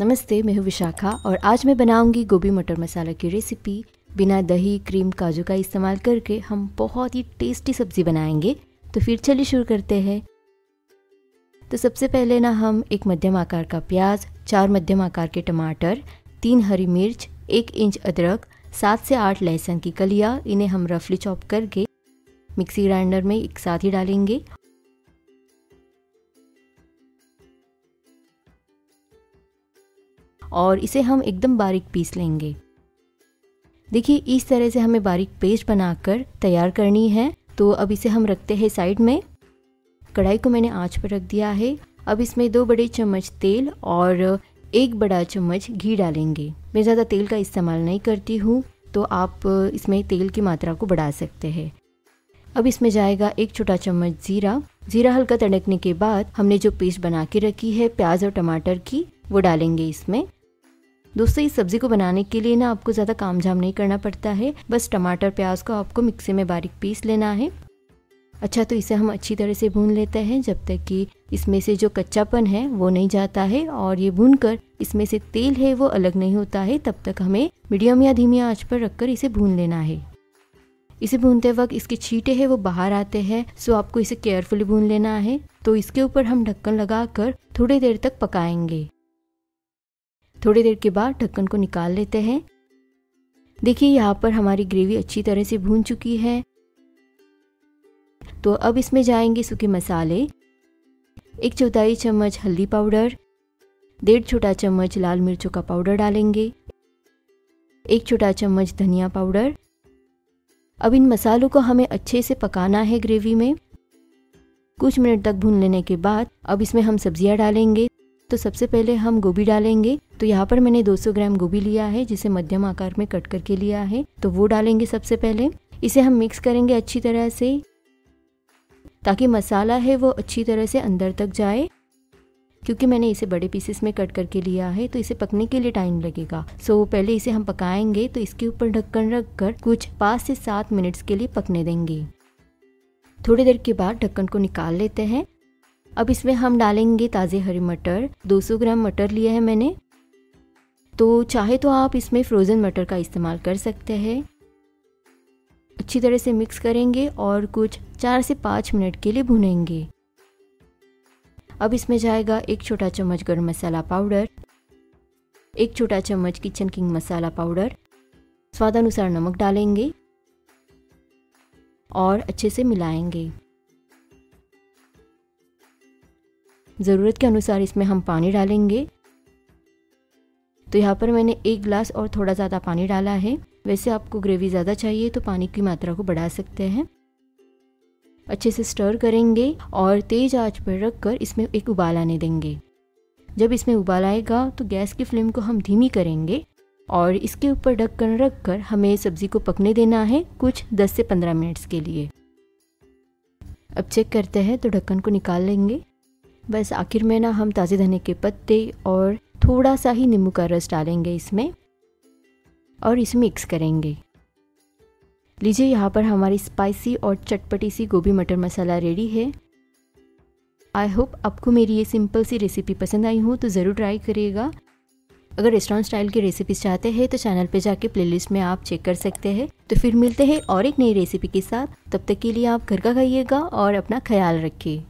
नमस्ते मैं हूँ विशाखा और आज मैं बनाऊंगी गोभी मटर मसाला की रेसिपी बिना दही क्रीम काजू का इस्तेमाल करके हम बहुत ही टेस्टी सब्ज़ी बनाएंगे तो फिर चलिए शुरू करते हैं तो सबसे पहले ना हम एक मध्यम आकार का प्याज चार मध्यम आकार के टमाटर तीन हरी मिर्च एक इंच अदरक सात से आठ लहसुन की कलिया इन्हें हम रफली चॉप करके मिक्सी ग्राइंडर में एक साथ ही डालेंगे और इसे हम एकदम बारीक पीस लेंगे देखिए इस तरह से हमें बारीक पेस्ट बनाकर तैयार करनी है तो अब इसे हम रखते हैं साइड में कढ़ाई को मैंने आँच पर रख दिया है अब इसमें दो बड़े चम्मच तेल और एक बड़ा चम्मच घी डालेंगे मैं ज़्यादा तेल का इस्तेमाल नहीं करती हूँ तो आप इसमें तेल की मात्रा को बढ़ा सकते हैं अब इसमें जाएगा एक छोटा चम्मच ज़ीरा ज़ीरा हल्का तड़कने के बाद हमने जो पेस्ट बना के रखी है प्याज और टमाटर की वो डालेंगे इसमें दोस्तों इस सब्ज़ी को बनाने के लिए ना आपको ज़्यादा काम झाम नहीं करना पड़ता है बस टमाटर प्याज को आपको मिक्सी में बारीक पीस लेना है अच्छा तो इसे हम अच्छी तरह से भून लेते हैं जब तक कि इसमें से जो कच्चापन है वो नहीं जाता है और ये भून कर इसमें से तेल है वो अलग नहीं होता है तब तक हमें मीडियम या धीमी आंच पर रखकर इसे भून लेना है इसे भूनते वक्त इसके छींटे हैं वो बाहर आते हैं सो आपको इसे केयरफुली भून लेना है तो इसके ऊपर हम ढक्कन कर थोड़ी देर तक पकाएंगे थोड़ी देर के बाद ढक्कन को निकाल लेते हैं देखिए यहाँ पर हमारी ग्रेवी अच्छी तरह से भून चुकी है तो अब इसमें जाएंगे सूखे मसाले एक चौथाई चम्मच हल्दी पाउडर डेढ़ छोटा चम्मच लाल मिर्चों का पाउडर डालेंगे एक छोटा चम्मच धनिया पाउडर अब इन मसालों को हमें अच्छे से पकाना है ग्रेवी में कुछ मिनट तक भून लेने के बाद अब इसमें हम सब्जियां डालेंगे तो सबसे पहले हम गोभी डालेंगे तो यहाँ पर मैंने 200 ग्राम गोभी लिया है जिसे मध्यम आकार में कट करके लिया है तो वो डालेंगे सबसे पहले इसे हम मिक्स करेंगे अच्छी तरह से ताकि मसाला है वो अच्छी तरह से अंदर तक जाए क्योंकि मैंने इसे बड़े पीसेस में कट करके लिया है तो इसे पकने के लिए टाइम लगेगा सो so, पहले इसे हम पकाएंगे तो इसके ऊपर ढक्कन रख कर कुछ पाँच से सात मिनट्स के लिए पकने देंगे थोड़ी देर के बाद ढक्कन को निकाल लेते हैं अब इसमें हम डालेंगे ताज़े हरी मटर 200 ग्राम मटर लिया है मैंने तो चाहे तो आप इसमें फ्रोज़न मटर का इस्तेमाल कर सकते हैं अच्छी तरह से मिक्स करेंगे और कुछ चार से पाँच मिनट के लिए भुनेंगे अब इसमें जाएगा एक छोटा चम्मच गर्म मसाला पाउडर एक छोटा चम्मच किचन किंग मसाला पाउडर स्वादानुसार नमक डालेंगे और अच्छे से मिलाएंगे ज़रूरत के अनुसार इसमें हम पानी डालेंगे तो यहाँ पर मैंने एक गिलास और थोड़ा ज़्यादा पानी डाला है वैसे आपको ग्रेवी ज़्यादा चाहिए तो पानी की मात्रा को बढ़ा सकते हैं अच्छे से स्टर करेंगे और तेज़ आंच पर रख कर इसमें एक उबाल आने देंगे जब इसमें उबाल आएगा तो गैस की फ्लेम को हम धीमी करेंगे और इसके ऊपर ढक्कन रख कर हमें सब्ज़ी को पकने देना है कुछ 10 से 15 मिनट्स के लिए अब चेक करते हैं तो ढक्कन को निकाल लेंगे बस आखिर में ना हम ताज़े धने के पत्ते और थोड़ा सा ही नींबू का रस डालेंगे इसमें और इसे मिक्स करेंगे लीजिए यहाँ पर हमारी स्पाइसी और चटपटी सी गोभी मटर मसाला रेडी है आई होप आपको मेरी ये सिंपल सी रेसिपी पसंद आई हो तो ज़रूर ट्राई करिएगा अगर रेस्टोरेंट स्टाइल की रेसिपीज चाहते हैं तो चैनल पे जाके प्लेलिस्ट में आप चेक कर सकते हैं तो फिर मिलते हैं और एक नई रेसिपी के साथ तब तक के लिए आप घर का खाइएगा और अपना ख्याल रखिए